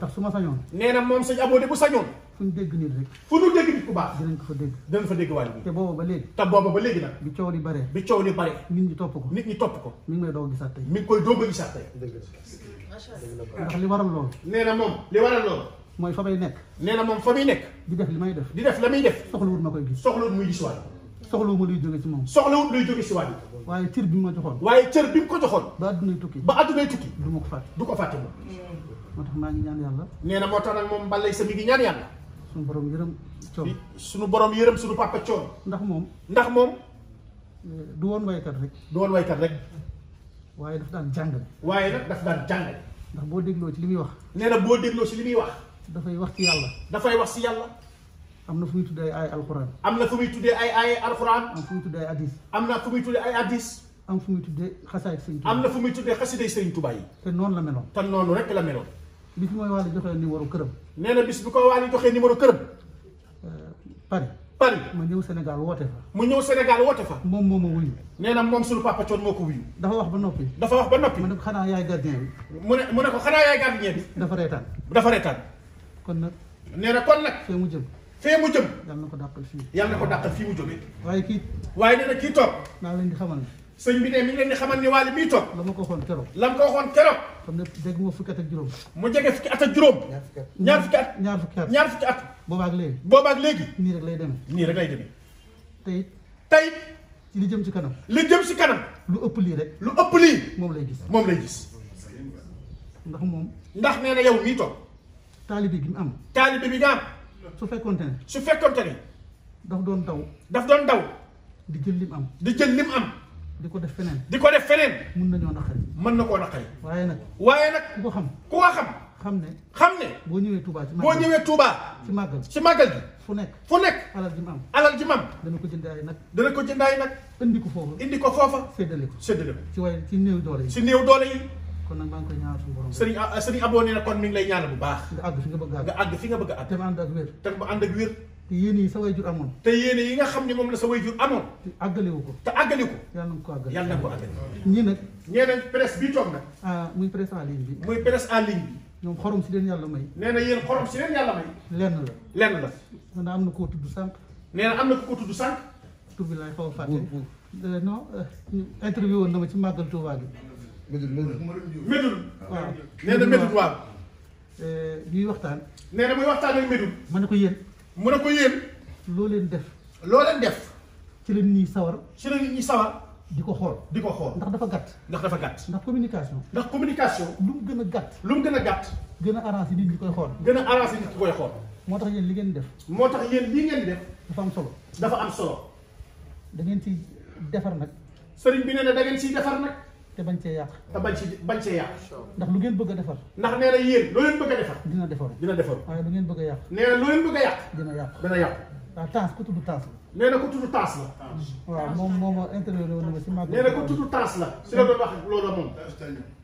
moo su ma sañoon nee na moom sëñ aboo de bu sañoon fu baax ko fa dégg dinañ fa dégg waay bi te booba ba léegi te ba léegi nag bi coow li topp ko nit topp ko mi ngi may doog gisaat tey mi li waral loolu nee na moom li mooy fa may nekk nee na moom fa muy nekk di def li may def di def la muy def soxlawut ma koy gis soxlawut muy gis waay soxlawut ma luy jóge ci moom soxlawut luy jóge waaye cër bi ma joxoon waaye cër bi mu ko joxoon ba addunay tukki ba addunay tukki du ma ko fàtte du ko fàtte moom mm. moo tax maa ngi ñaan yàlla. nee na moo tax nag moom Balla Aïssa mi ngi ñaan yàlla. suñu borom yërëm coon suñu borom yërëm suñu papa coon. ndax moom ndax moom. Eh, du woon waykat rek. du woon waykat rek. waaye daf daan jàng waaye rek daf daan jàngale. ndax boo dégloo ci li muy wax. nee na boo dégloo ci li muy wax. dafay wax ci yàlla. dafay wax ci yàlla. am na fu muy tuddee ay alxuraan. am na fu muy tuddee ay ay alxuraan. am fu muy tuddee ay hadis. am na fu muy tuddee ay hadis. am fu am na fu muy tuddee xasiday sëñ Tuubaa yi. te noonu la meloon. noonu rek la meloon. bi bis mooy wàll joxe numéro këram. nee na bis bi ko wàll joxe numéro këram. Euh, Paris. Paris ma ñëw Sénégal woote fa. mu ñëw Sénégal woote moom moo ma wuyu. nee na moom suñu papa coon moo ko wuyu. dafa wax ba noppi. dafa wax ba noppi. mu ne ko xanaa yaay gardien bi. mu ne mu ne ko xanaa yaay gardien bi. dafa reetaan. dafa reetaan. kon nag. nee na kon nag. fee mu jëm. fee mu jëm. yàlla na ko dàqal fii. yàlla na ko dàqal fii mu jógee. waaye kii. waaye nee na kii toog. naa leen di xamal. sëñ bi ne mi ngi leen di xamal ni Waly mii toog. la ma ko waxoon keroog. la ma ko waxoon keroog. xam ne dégg nga fukki at ak juróom. mu jege fukki at ak juróom. ñaar fukki at ñaar fukki at ñaar fukki at. boobaag léegi. nii rek lay demee. nii rek lay demee. tey. tey. li jëm ci kanam. li jëm si kanam. lu ëpp lii rek. lu ëpp lii. moom lay gis moom lay gis. ndax moom. ndax nee na yow mii toog. gi mu am. taalibe bi nga am. su fekkonte ne. su fekkonte ne. daf doon daw. daf doon daw. di jël lim am. di jël mu am di ko def feneen. di ko def feneen. mën nañoo naqari. mën na koo naqari. waaye nag. waaye nag ku xam. ku xam. xam ne. xam ne. boo ñëwee Touba ci boo ñëwee Touba. ci màggal ci màggal gi. fu nekk fu nekk. alal ji mu am alal ji mu am. dana ko jëndaay nag. dana ko jëndaay nag. indi ko foofa indi ko foofa. séddale ko séddale ci waaye doole yi. ci néew doole yi. kon nag maa ngi koy ñaanal suñu borom. sëriñ sëriñ Aboo nee na kon mi ngi lay ñaanal bu baax. nga àgg fi nga bëgg a àgg. nga àgg fi nga bëgg a àgg. te mu ànd te yéen yi sa way jur amoon te yéene yi nga xam ne moom la sa way jur amoon te àggaliwu ko te àggali ko yàlla na ko àggali yàlla na ko àggali ñii nag ñee nañ presse bii toog nag ah muy presse en ligne bi muy presse en ligne xorom si leen yàlla may nee na yéen xorom si leen yàlla may lenn la lenn la na am na sànq nee na am na ko tudd sànq tur bi a fàtte euh, non euh, interview woon na ma ci màggal Tuubaa gi Médoune Médoune waaw euh, waxtaan nee na muy waxtaan ak Médoune ma ko yéen mu ne ko yéen. loo leen def. loo leen def. ci la nit ñi sawar. ci la nit sawar. di ko xool di ko xool ndax dafa gàtt. ndax dafa gàtt. ndax communication. ndax communication. lu mu gën a gàtt. lu mu gën a gàtt. gën a arrangé nit ñi koy xool. gën a arrangé nit ñi koy xool. moo tax yéen li ngeen def. moo tax yéen li ngeen def. dafa am solo. dafa am solo. da ngeen ciy defar nag. sëriñ bi nee na da ngeen ciy defar nag. te bañ cee yàq te bañ ci bañ cee yàq ndax lu ngeen bëgg a defar ndax nee na yéen loo leen bëgg a defar dina defar dina defar waaye lu ngeen bëgg a yàq nee na loo leen bëgg a yàq dina yàq dina yàq waaw taas ku tudd taas la nee na ku tudd taas la waaw moom moom interviewé woon na ma si mag nee na ku tudd taas la si la doon wax loolu la moom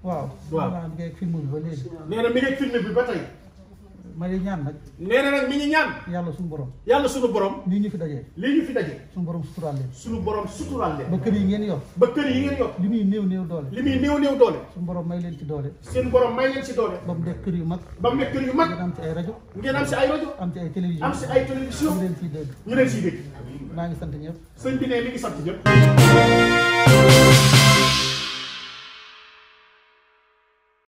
waaw waaw mi ngi film bi ba léegi nee na mi ngi film bi ba tey ma ngi ñaan nag nee na nag mi ngi ñaan yàlla suñu borom yàlla suñu borom lii ñu fi dajee lii ñu fi dajee suñu borom suturaal leen suñu borom suturaal leen ba kër yi ngeen yor ba kër yi ngeen yor li muy néew néew doole li muy néew néew doole suñu borom may leen ci doole seen borom may leen ci doole ba mu nekk kër yu mag ba mu nekk kër yu mag ngeen am ci ay rajo ngeen am ci ay rajo am ci ay télévision am ci ay télévision ñu leen ciy dégg ñu leen ciy dégg maa ngi sant ñëpp sëñ bi ne mi ngi sant ñëpp